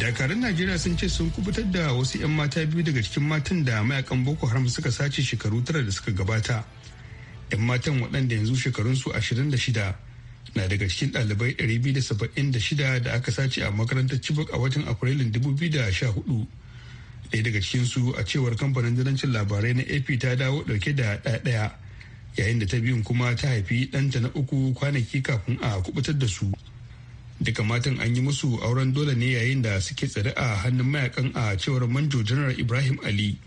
dakarun najeriya sun ce sun kubutar da wasu 'yan mata biyu daga cikin matan da mayakan boko haram suka sace shekaru tara da suka gabata 'yan matan waɗanda yanzu shekarunsu shida na daga cikin ɗalibai 276 da da shida aka sace a makarantar cibok a watan afrilun hudu ɗaya daga cikinsu a cewar kamfanin zanancin labarai na ap ta dawo ɗauke da ɗaya yayin da ta biyun kuma ta haifi ɗanta na uku kwanaki kafin a kubutar da su duka matan an yi musu auren dole ne yayin da suke tsare a hannun mayakan a cewar manjo janar ibrahim ali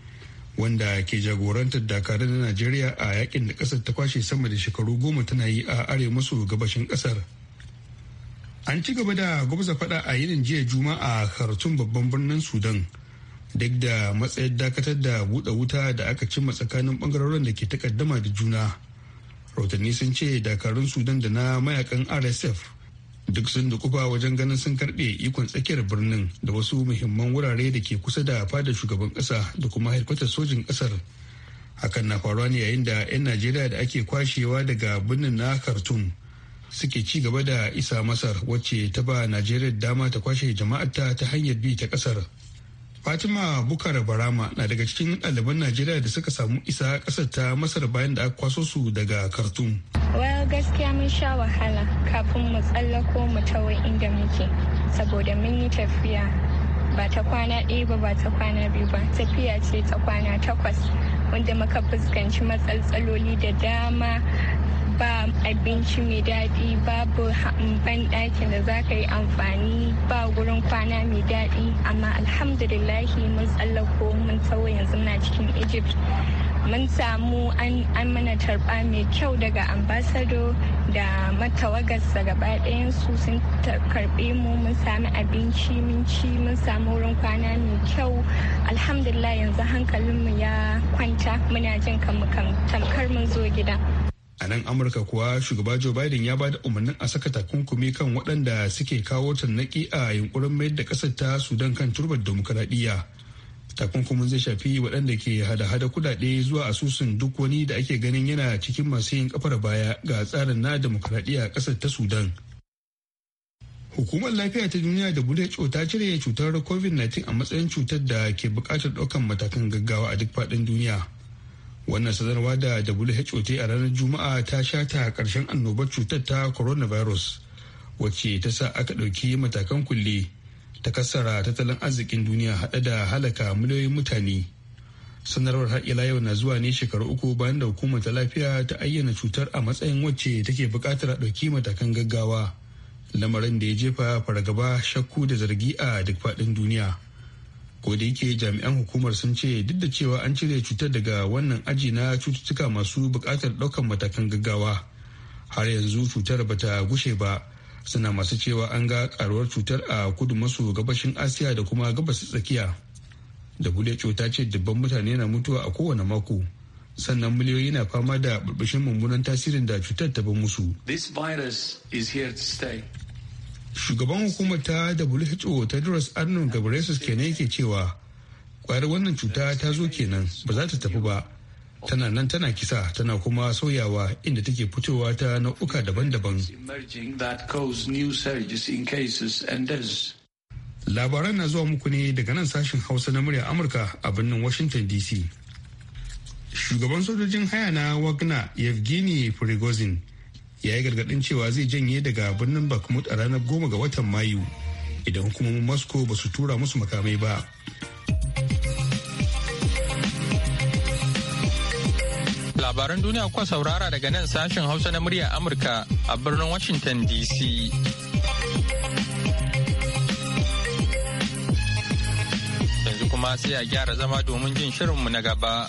wanda ke jagorantar dakarun na najeriya a yakin da kasar ta kwashe sama da shekaru goma tana yi a are musu gabashin kasar an ci gaba da gwamza fada a yinin jiya juma'a khartoum babban birnin sudan duk da matsayin dakatar da buɗe wuta da aka cimma tsakanin bangarorin da ke takaddama da juna rautanni sun ce dakarun sudan da na mayakan rsf duk sun dukufa wajen ganin sun karɓe ikon tsakiyar birnin da wasu muhimman wurare da ke kusa da fada shugaban kasa da kuma haikwatar sojin kasar. hakan na faruwa ne yayin da 'yan najeriya da ake kwashewa daga birnin na khartoum suke ci gaba da isa masar wacce ta ba najeriya dama ta kwashe jama'arta ta hanyar bi ta kasar. Fatima Bukar Barama na daga cikin ɗaliban Najeriya da suka samu isa ƙasar ta Masar bayan da aka kwaso su daga Khartoum. wayar gaskiya mun sha wahala kafin mu tsallako mu tawo inda muke saboda mun yi tafiya ba ta kwana ɗaya ba ba ta kwana biyu ba tafiya ce ta kwana takwas wanda muka fuskanci matsaltsaloli da dama ba abinci mai daɗi babu ban ɗakin da za ka yi amfani ba wurin kwana mai daɗi amma alhamdulillahi mun tsallako mun tsawo yanzu muna cikin egypt mun samu an mana tarba mai kyau daga ambasado da matawagarsa gaba su sun karbe mu mun sami abinci mun ci mun samu wurin kwana mai kyau alhamdulillah yanzu hankalinmu ya kwanta muna jin kamar tamkar mun zo gida a nan amurka kuwa shugaba joe biden ya ba da umarnin a saka takunkumi kan waɗanda suke kawo tarnaƙi a yunkurin mayar da ƙasar ta sudan kan turbar demokuraɗiyya takunkumin zai shafi waɗanda ke hada-hada kudade zuwa asusun duk wani da ake ganin yana cikin masu yin kafar baya ga tsarin na demokuraɗiyya ƙasar ta sudan hukumar lafiya ta duniya da who ta cire cutar covid-19 a matsayin cutar da ke buƙatar ɗaukar matakan gaggawa a duk faɗin duniya wannan sadarwa da who ta a ranar juma'a ta sha ta karshen annobar cutar ta coronavirus wacce ta sa aka ɗauki matakan kulle ta kasara tattalin arzikin duniya haɗe da halaka miliyoyin mutane sanarwar har ila yau na zuwa ne shekaru uku bayan da hukumar ta lafiya ta ayyana cutar a matsayin wacce take buƙatar a ɗauki matakan gaggawa lamarin da ya jefa fargaba shakku da zargi a duk faɗin duniya ko da yake jami'an hukumar sun ce duk da cewa an cire cutar daga wannan aji na cututtuka masu bukatar ɗaukar matakan gaggawa har yanzu cutar bata gushe ba suna masu cewa an ga karuwar cutar a kudu maso gabashin asiya da kuma gabas tsakiya da bude cuta ce dubban mutane na mutuwa a kowane mako sannan miliyoyi na fama da burbushin mummunan tasirin da cutar ta bar musu. This virus is here to stay. shugaban hukumar ta who duras adnon ghebreyesus kenan yake cewa kwayar wannan cuta ta zo kenan ba za ta tafi ba tana nan tana kisa tana kuma sauyawa inda take fitowa ta nau'uka daban-daban labaran na zuwa muku ne daga nan sashen hausa na murya amurka a birnin washington dc shugaban sojojin haya na wagner yevgeny prigozhin ya yi gargaɗin cewa zai janye daga birnin bakhmut a ranar goma ga watan mayu idan hukumomin moscow ba su tura musu makamai ba labaran duniya kuwa saurara daga nan sashen hausa na murya amurka a birnin washington dc yanzu kuma sai a gyara zama domin jin shirinmu na gaba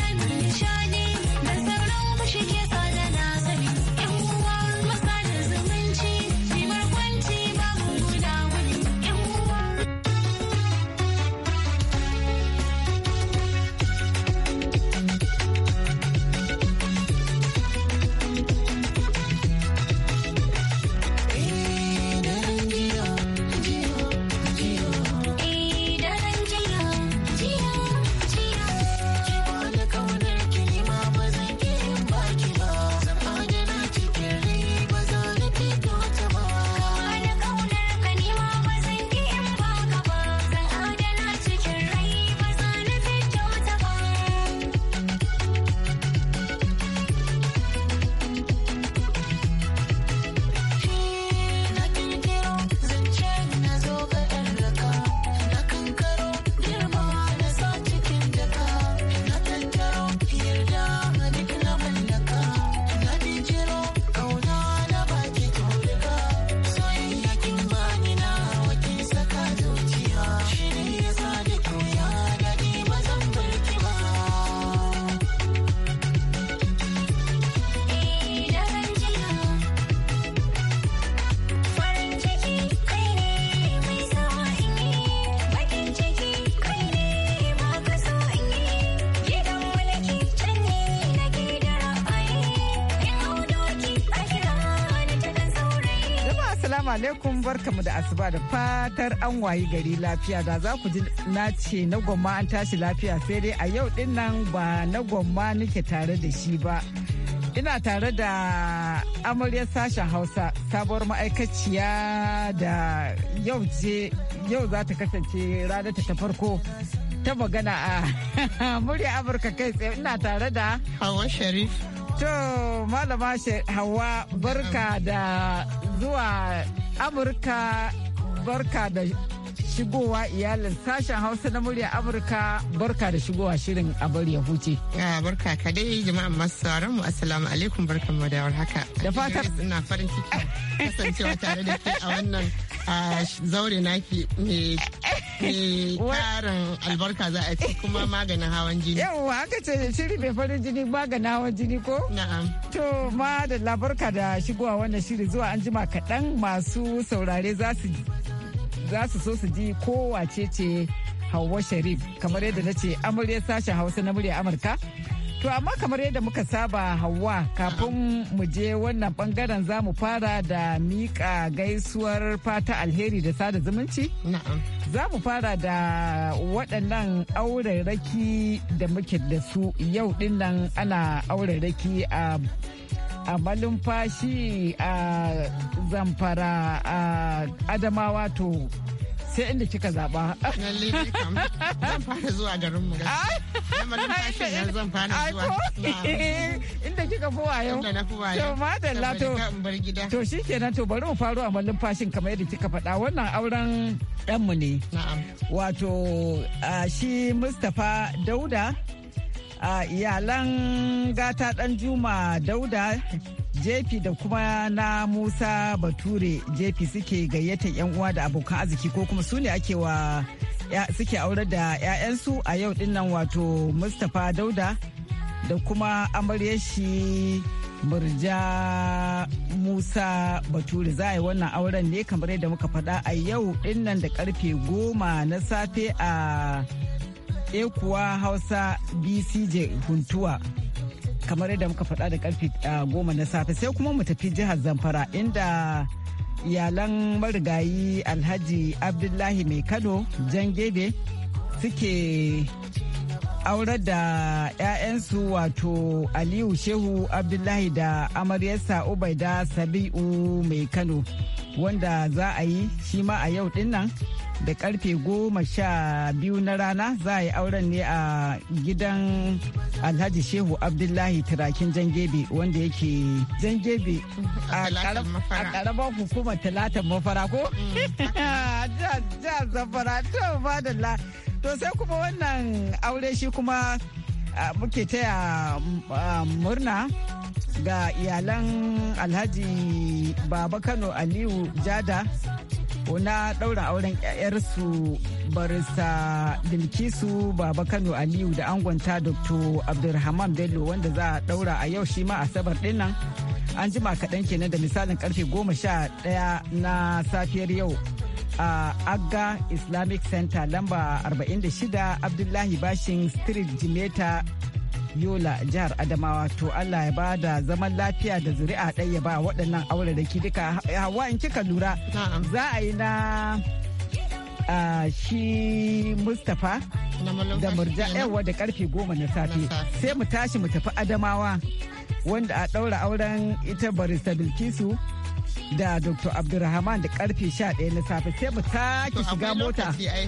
barka mu da asuba da fatar an wayi gari lafiya da za ku ji na ce na gwamma an tashi lafiya sai dai a yau din nan ba na gwamma nake tare da shi ba. Ina tare da amaryar sashen Hausa sabuwar ma'aikaciya da yau ce yau za ta kasance ranar ta farko ta magana a murya Amurka kai tsaye ina tare da Hawa Sharif. To malama Hawa barka da zuwa amurka barka da shigowa iyalin sashen hausa na murya amurka barka da shigowa shirin a bar ya huce barka ka dai jama'an masu sauran mu assalamu alaikum barkan mu da haka da fatan ina farin ciki kasancewa tare da ke a wannan a zaure ke me karin albarka za a ci kuma maganin hawan jini. Yawwa aka ce shiri mai farin jini maganin hawan jini ko? Na'am. To ma da labarka da shigowa wannan shiri zuwa an jima kaɗan masu saurare za su za su so su ji ko wace ce Hauwa Sharif kamar yadda na ce amarya sashen Hausa na murya Amurka To amma kamar yadda muka saba hawa kafin mu je wannan bangaren za mu fara da mika gaisuwar fata alheri da sada zumunci? Za mu fara da waɗannan auraraki da muke da su yau nan ana auraraki a a malumfashi a zamfara a adamawa to sai inda kika zaba lalle ne kam zan fara zuwa garin mu gaskiya malam fashin nan zan fara zuwa inda kika fi wayo inda na fi wayo to madalla to to shikenan to bari mu faro a malam fashin kamar yadda kika faɗa wannan auren dan mu ne wato shi Mustapha Dauda iyalan gata dan Juma Dauda jefi da kuma na musa bature jefi suke gayyata yan uwa da abokan arziki ko kuma su ne ake wa suke aurar da 'ya'yansu a yau dinnan wato mustapha dauda da kuma amaryar shi murja musa bature za a yi wannan auren ne kamar yadda muka faɗa a yau dinnan da karfe goma na safe a ekuwa hausa bcj huntuwa kamar yadda muka faɗa da karfe ah, goma na safe sai kuma mu tafi jihar zamfara inda iyalan marigayi alhaji abdullahi mai kano jan gebe suke aurar da 'ya'yansu wato aliyu shehu abdullahi da amaryarsa ubaida sabi'u mai kano wanda za a yi shi ma a yau dinnan da karfe goma sha biyu na rana za a yi auren ne a gidan alhaji shehu abdullahi turakin jangebe wanda yake jangebe a karamar hukumar talatan mafara ko? Mm. jihar zamfara to madalla to sai kuma wannan aure shi kuma muke taya murna ga iyalan alhaji baba kano aliyu jada ko na ɗaura auren 'ya'yarsu barista dilkisu baba kano aliyu da angonta dr abdulrahman bello wanda za a ɗaura a yau shi ma asabar dinnan an jima kaɗan kenan da misalin karfe goma sha ɗaya na safiyar yau a agga islamic center lamba 46 abdullahi bashin street jimeta Yola jihar Adamawa to Allah ya ba da zaman lafiya da zuri'a ɗaya ya ba waɗannan aure auraraki duka hawa in kika lura za a yi na shi Mustapha da murja yawa da karfe goma na safe sai mu tashi mu tafi Adamawa wanda a ɗaura auren ita barista Bilkisu. da Dr. Abdulrahman da karfe 11 na safe sai mu sake shiga mota. Eh,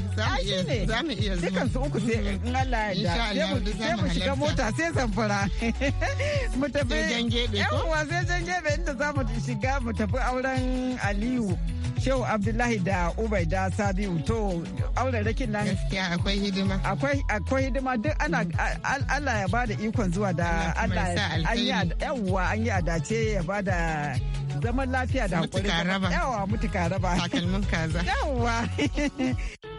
za mu iya zuwa. Dukan su uku sai in Allah ya da. Sai mu shiga mota sai zamfara. Mu tafi. Sai jan gebe ko? Yawwa sai jan gebe inda za mu shiga mu tafi auren Aliyu. Shehu Abdullahi da Ubaida Sabiu to rakin nan. Gaskiya akwai hidima. Akwai hidima duk ana Allah ya bada ikon zuwa da Allah an yi yawwa an yi adace ya bada zaman lafiya da hakuri. Mutuka raba. Yawa mutuka raba. Takalmin kaza. Yawa.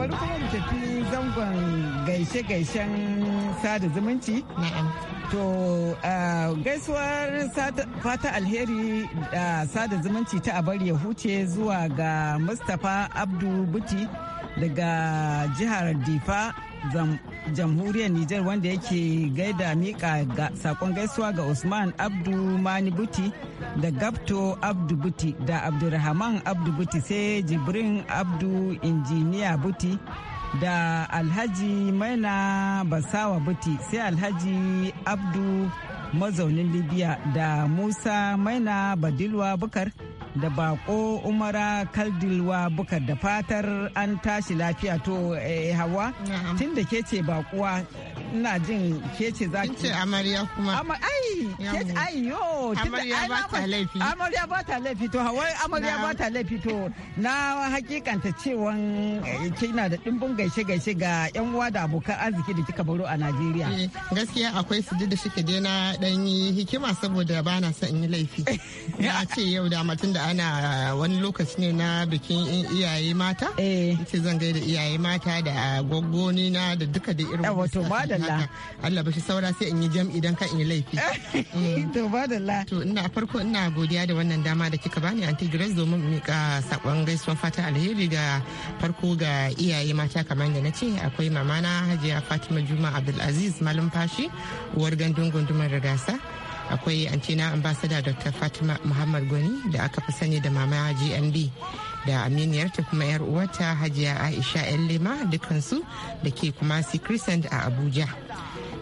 bari kuma mu tafi zangon gaishe-gaishen sada zumunci. To gaisuwar fata alheri da sada zumunci ta abar ya huce zuwa ga Mustapha Abdu Buti daga jihar Difa jamhuriyar Nijar wanda yake gaida mika ga sakon gaisuwa ga Usman Abdu Mani Buti da Gabto Abdu Buti da Abdurrahman Abdu Buti sai Jibrin Abdu Injiniya Buti da Alhaji Maina Basawa Buti sai Alhaji Abdu mazaunin Libya da Musa Maina Badilwa Bukar. da bako umara kaldilwa bukar da fatar an tashi lafiya to eh, hawa tun da ke ce bakuwa ina jin ke ce za ki ce amarya kuma ai yo amarya ba ta laifi amarya ba ta laifi to hawa amarya ba ta laifi to na hakikanta cewa eh, kina da dimbin gaishe gaishe ga yan uwa da abokan arziki da kika baro a Najeriya eh, gaskiya akwai su da suke dena dan yi hikima saboda ba na son in yi laifi na ce yau da matun da da ana wani lokaci ne na bikin iyaye mata eh ce zan da iyaye mata da gwaggoni na da duka da irin wato madalla Allah shi saura sai in yi jam idan ka in yi laifi eh, to madalla to ina farko ina godiya da wannan dama da kika bani anti Grace domin ka sakon gaisuwan fata alheri ga farko ga iyaye mata kamar da nace akwai mamana Hajiya Fatima Juma malam fashi uwar gandun gundumar rigasa akwai antina ambasada dr fatima muhammad gwani da aka fi sani da mama gmb da ta kuma yar uwarta hajiya aisha yan lema dukansu da ke kuma crescent a abuja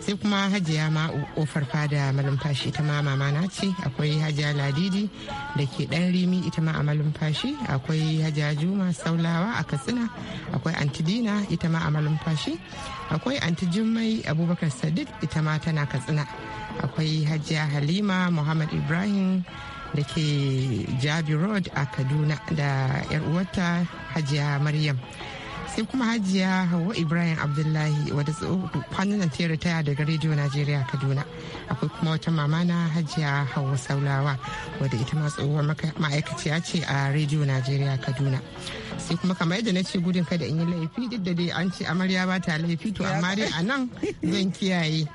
sai kuma hajiya ma ofar fada malumfashi ita ma mama na ce akwai hajiya ladidi da ke dan rimi ita ma a malumfashi akwai hajiya juma saulawa a katsina akwai antidina ita ma a malumfashi akwai Jummai abubakar sadiq ita ma tana katsina akwai hajiya halima muhammad ibrahim da ke jabi road a kaduna da 'yar uwata hajiya maryam sai kuma hajiya hawa ibrahim abdullahi wadda kwanan ta ritaya daga rediyo najeriya kaduna akwai kuma wata mama na hajiya hawa saulawa wadda ita ma tsohuwar ma'aikaciya ce a rediyo najeriya kaduna sai kuma kamar yadda na ce gudun kada in yi laifi duk da dai an ce amarya ba ta laifi to amma dai a nan zan kiyaye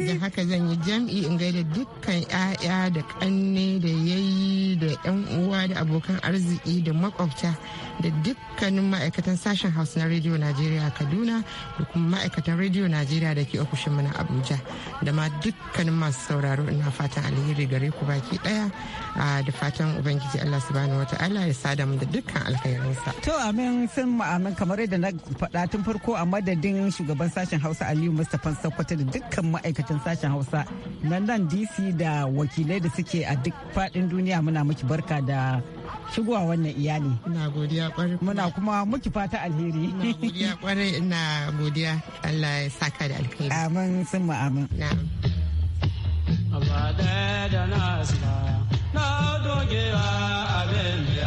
don haka zan yi jam'i in gaida dukkan 'ya'ya da kanne da yayi da 'yan uwa da abokan arziki da makwabta da dukkanin ma'aikatan sashen hausa na rediyo najeriya a kaduna da kuma ma'aikatan rediyo najeriya da ke ofishin na abuja da ma dukkanin masu sauraro ina fatan alheri gare ku baki daya da fatan ubangiji allah subhanahu ta'ala ya sada mu da dukkan alkhairinsa to amin sun mu amin kamar yadda na faɗa tun farko a madadin shugaban sashen hausa aliyu mustapha sokoto da dukkan ma'aikatan sashen hausa na nan dc da wakilai da suke a duk faɗin duniya muna miki barka da shigowa wannan iyali. Ina godiya kwarai. Muna kuma muki fata alheri. Muna godiya kwarai ina godiya Allah ya saka da alkhairi. Amin sun mu amin. Na'am. Abada da na dogewa abin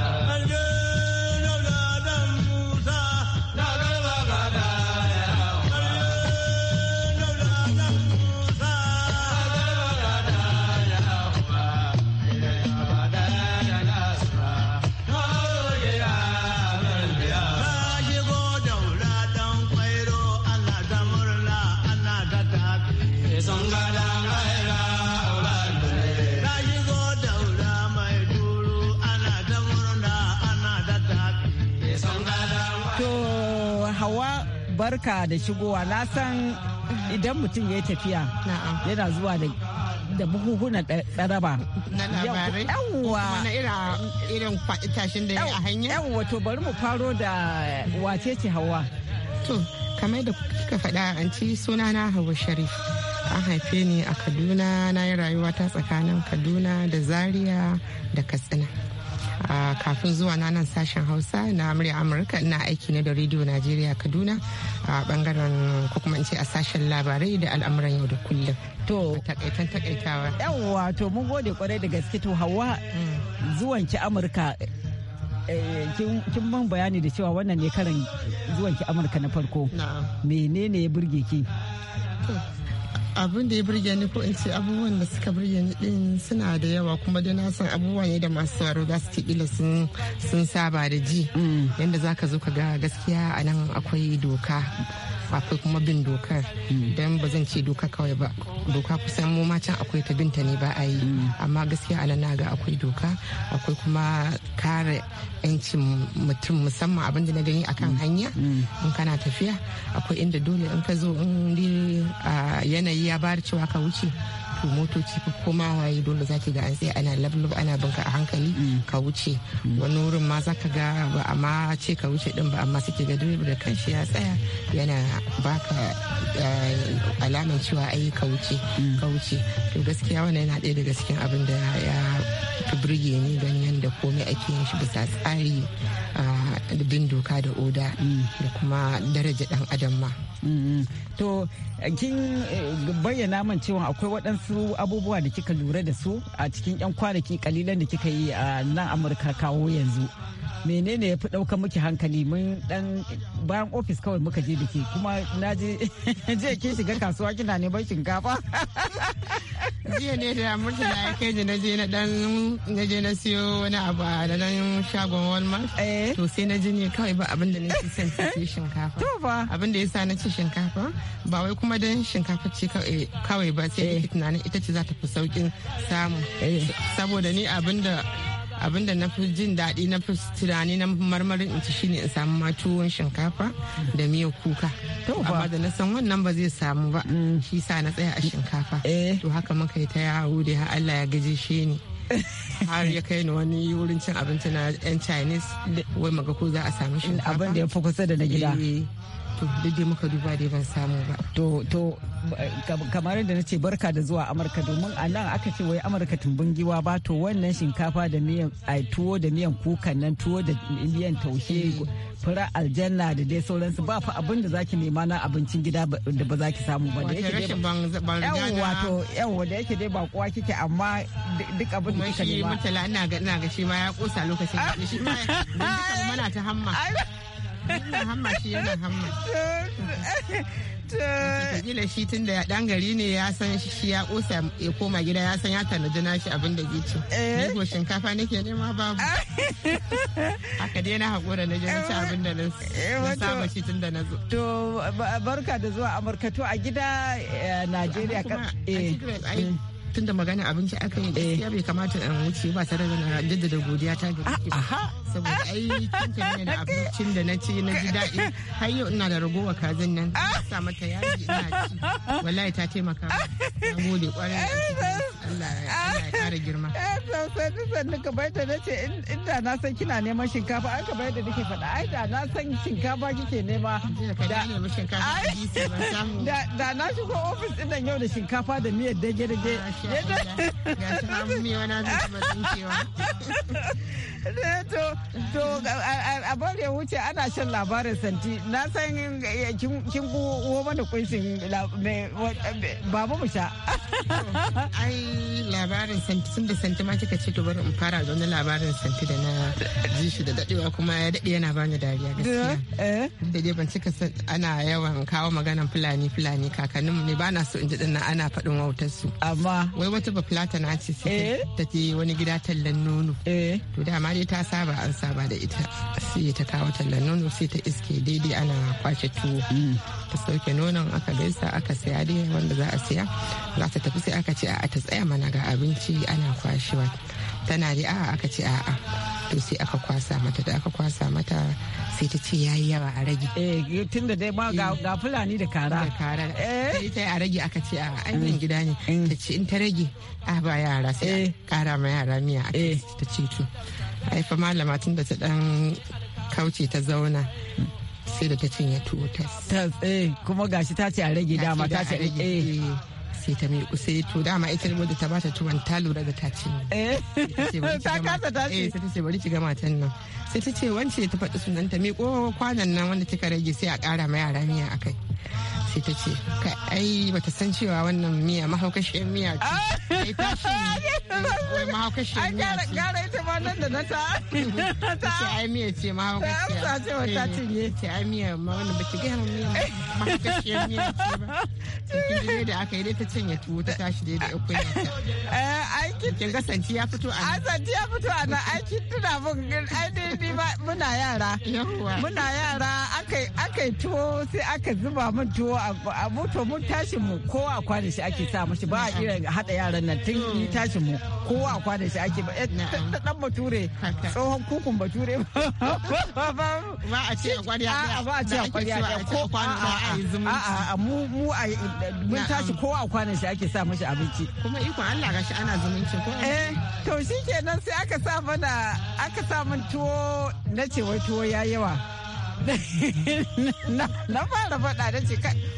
barka da shigowa na san idan mutum ya yi tafiya yana zuwa da da buhuhuna tsaraba. Na labarai? to bari mu faro da wace ce hawa. To, kamar da kika faɗa an ci suna na Hawa Sharif. An haife ni a Kaduna na yi rayuwa ta tsakanin Kaduna da Zaria da Katsina. kafin zuwa na nan sashen hausa na murya amurka ina aiki na da radio najeriya kaduna a bangaren ko kuma in ce a sashen labarai da al'amuran yau da kullum to takaitan takaitawa yawwa to mun gode kwarai da gaske to hawa mm. zuwan ci amurka eh, kin man bayani da cewa wannan ne karin ci amurka na farko menene ya burge ki abin da ya burge ni ko in ce abubuwan da suka birge ni din suna da yawa kuma dai na san abubuwa ne da masu tsaro za su kila sun saba da ji mm. yadda za ka zo ka ga gaskiya a nan akwai doka akwai kuma bin dokar hmm. don ba zan ce doka kawai ba doka kusan mu can akwai ta binta ne ba a yi hmm. amma gaskiya ana na ga akwai doka akwai kuma kare yancin mutum musamman abin da na gani akan hmm. hanya in kana tafiya akwai inda dole in ka zo in yanayi ya bada cewa ka wuce to motoci koma waye dole zaki ga an sai ana lablab ana binka a hankali mm. ka wuce mm. wani wurin ma za ka ga ba amma ce ka wuce din ba amma suke ga direba da kanshi ya tsaya yana baka eh, alamar cewa ai ka wuce mm. ka wuce to gaskiya wannan yana ɗaya daga cikin abin da ya fi burge ni ganin yadda komai ake yin shi bisa tsari ah, bin doka da oda da kuma daraja dan adam ma mm-hmm. to kin eh, bayyana man cewa akwai waɗansu abubuwa da kika lura da su a cikin 'yan kwanaki kalilan da kika yi a nan amurka kawo yanzu menene ya fi ɗaukar muke hankali mun dan bayan ofis kawai muka je da ke kuma na je jiya ke shiga kasuwa kina neman shinkafa jiya ne da mutu na ya kai na je na dan na je na siyo wani abu a da nan shagon walmart eh. to sai na je ne kawai ba abin da na ci san sai shinkafa to ba abin da yasa na ci shinkafa ba wai kuma dan shinkafa ce eh, kawai ba sai eh. tunanin ita ce za ta fi saukin samu saboda ni abin da abinda na fi jin daɗi na fi tunani na marmarin in ci shine in samu ma tuwon shinkafa da miyar kuka amma da na san wannan ba zai samu ba mm. shi sa na tsaya a shinkafa eh. to haka muka yi ta yawo da Allah ya gaje shi ne har ya kai ni wani wurin cin abinci na yan chinese wai maga ko za a samu shinkafa abin da ya fi kusa da na gida eh. to duk dai muka duba dai ban samu ba to to kamar da nace barka da zuwa amurka domin a nan aka ce wai amurka tumbin giwa ba to wannan shinkafa da miyan tuwo da miyan kukan nan tuwo da miyan taushe fura aljanna da dai sauransu ba fa abin da zaki nema na abincin gida da ba zaki samu ba da yake dai wato yawa da yake dai ba kowa kike amma duk abin da kika nema shi mutala ina ga shi ma ya kosa lokacin shi ma duka mana ta hamma Ina hamma shi yana hamma. shi tun da dan gari ne ya san shi ya kosa ya koma gida ya san ya tanadi nashi abin da zai ci. Eh? ko shinkafa nake nema babu. Haka dai na haƙura na je ci abin da na eh, saba shi tun da na zo. To barka da zuwa Amurka to a gida eh, Najeriya. Kuma tun da magana abinci aka yi gaskiya bai kamata in wuce ba tare da jaddada godiya ta ga saboda ai kin ne da abincin da na ci na ji daɗi har yau ina da ragowa kazin nan sa mata yaji ina ci wallahi ta taimaka na gode kwarai Allah ya kara girma eh, sai sannu ka bai da nace inda na san kina neman shinkafa an ka bai da nake faɗa ai da na san shinkafa kike nema da da na shigo ofis din yau da shinkafa da miyar dage-dage ah, ga shi mamewa na zai kuma tsinkewa eh, to to a bari wuce ana shan labarin santi na san eh, kin kuwa mana kunshin babu mu sha ai labarin santi sun da santi ma kika ce to bari in fara da wani labarin santi da na ji shi da dadewa kuma ya dade yana bani dariya gaskiya da eh? dai ban cika ana yawan kawo maganan fulani fulani kakanninmu ne ba na so in ji dinnan ana faɗin wautar su amma wai wata ba ta naci ce sai eh. ta je wani gida tallan nono eh. to dama dai ta saba an saba da ita sai ta kawo tallan nono sai ta iske daidai ana kwace tuwo mm. ta sauke nonon aka gaisa aka saya dai wanda za a saya za ta tafi sai aka ce a ta tsaya mana ga abinci ana kwashewa tana dai a'a aka ce a'a to sai aka kwasa mata da aka kwasa mata sai ta ce yayi yawa a rage eh tun da dai ma ga fulani da kara da kara eh? sai ta a rage aka ce a anyan eh. gida ne eh. ta ce in ta rage a ba yara sai kara ma yara miya a ta ce to ai fa malama tun da ta dan kauce ta zauna sai da ta cinye tuwo ta kuma gashi ta ce a rage dama ta ce eh sai ta miƙo sai to dama ita ne da ta bata tuwon ta lura da ta ce ta kasa ce sai ta ce bari ki ga matan eh, nan sai ta ce wance ta faɗi sunan ta miƙo kwanan nan wanda kika rage sai a ƙara ma yara miya akai sai ta ce ai bata san cewa wannan miya mahaukashin miya ce ah! kai tashi miya ce. Gara ita ma nan da na ta. Ta ai miya ce Ta ce wa ta eh. ai miya ma wani miya miya ce ba. da aka yi dai ta cinye tuwo ta tashi dai da eh, Kin ga santi ya fito a nan. Ah, santi ya fito a nan tuna mun ai dai muna yara. Muna yara aka yi tuwo sai aka zuba min tuwo a mutu mun tashi mu ko kwanashi ake sa mashi ba a iya haɗa yaran nan tun yi mm. tashi mu kowa da shi ake ba dan eh, bature tsohon kukun bature ba a ce a kwarya ba a ce a ko a a mu mu a mun tashi kowa kwana shi ake sa abinci kuma ikon Allah ana zumunci ko eh to shikenan sai aka sa mana aka sa min tuwo na ce wai tuwo ya yawa na fara faɗa da ce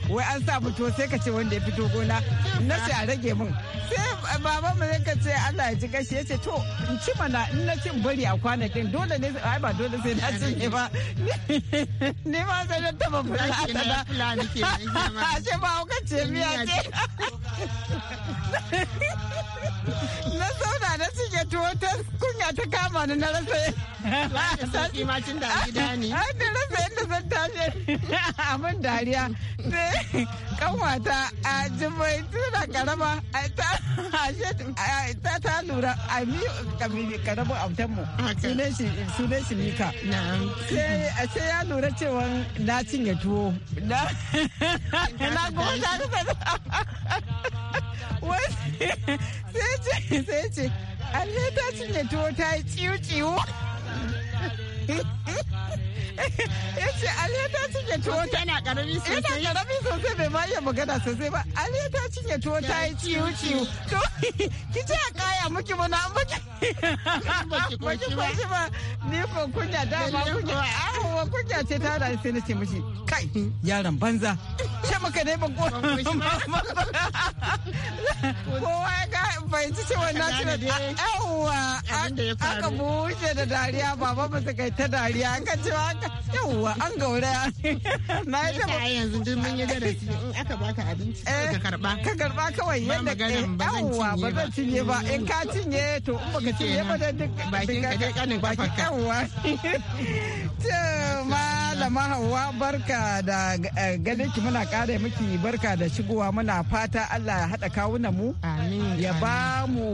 wai an sa fito sai ka ce wanda ya fito gona na ce a rage mun sai baba mu sai ka ce Allah ya ji gashi yace to in ci mana in na cin bari a kwanakin dole ne ai ba dole sai na ci ne ba ne ma sai na taba fulani a da a ce ba ce miya ce na zauna na suke tuwo ta kunya ta kama ni na rasa sauki ma tun da gida ne an da rasa yadda zan tashi abin dariya sai kanwata a jimai tuna karama ta ta lura a mi karama autan mu Sune shi mika sai ya lura cewa na cinye tuwo na goma ta wai sai sai ya ce ne ta cinye tuwo ta yi ciwo-ciwo ya ce aliyu ta cinye tuwo ta na karami sosai yana karami sosai bai ma iya magana sosai ba aliyu ta cinye tuwo ta yi ciwo ciwo to ki ce a kaya muki mana an baki baki kwashi ba ni ko kunya dama kunya awo kunya ce ta da sai na ce mishi kai yaron banza ce maka dai ban ko kowa ya ga ce cewa na cire yawwa aka bushe da dariya baba ba su kai ta dariya aka ce yawwa an gauraya na yi ta yanzu duk mun yi darasi in aka baka abinci eh, ka karba ka karba kawai yadda ka yawwa eh, ba zan cinye ba in ka cinye to in baka cinye ba da duk bakin ka dai kanin ka yawwa to malama hawa barka da eh, ganin ki muna kare miki barka da shigowa muna fata Allah ya hada kawunan mu ya ba mu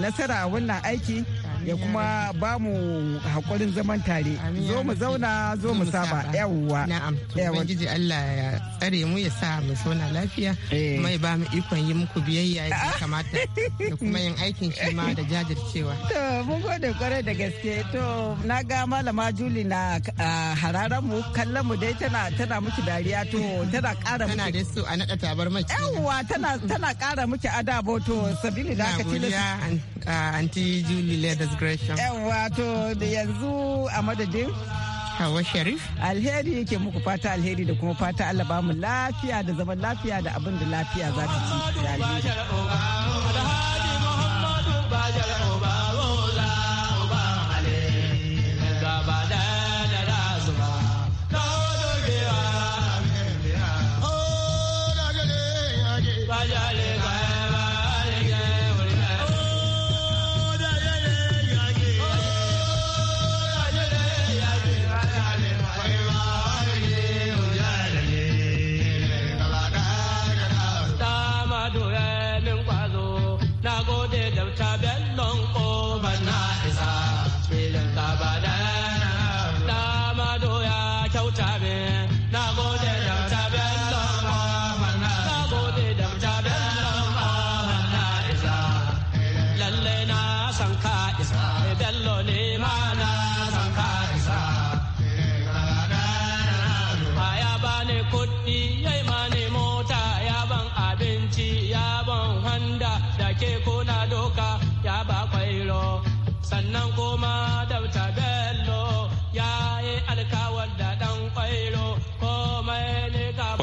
nasara wannan aiki ya kuma ba mu hakurin zaman tare zo mu zauna zo mu saba yawwa na'am ubangiji Allah ya tsare mu ya sa mu zauna lafiya eh. mai ba mu ikon yi muku biyayya ya kamata da kuma yin aikin shi ma da jajircewa to mun gode kwarai da gaske to na ga malama Juli na hararan mu kallon mu dai tana tana miki dariya to tana kara miki tana da su a nada tabar mace yawwa tana tana kara miki adabo to sabili da aka tilasta anti Juli da Gresham. Yawwa to da yanzu a madadin Hawa Sharif. Alheri ke muku fata alheri da kuma fata Allah ba mu lafiya da zaman lafiya da abin da lafiya za ta ci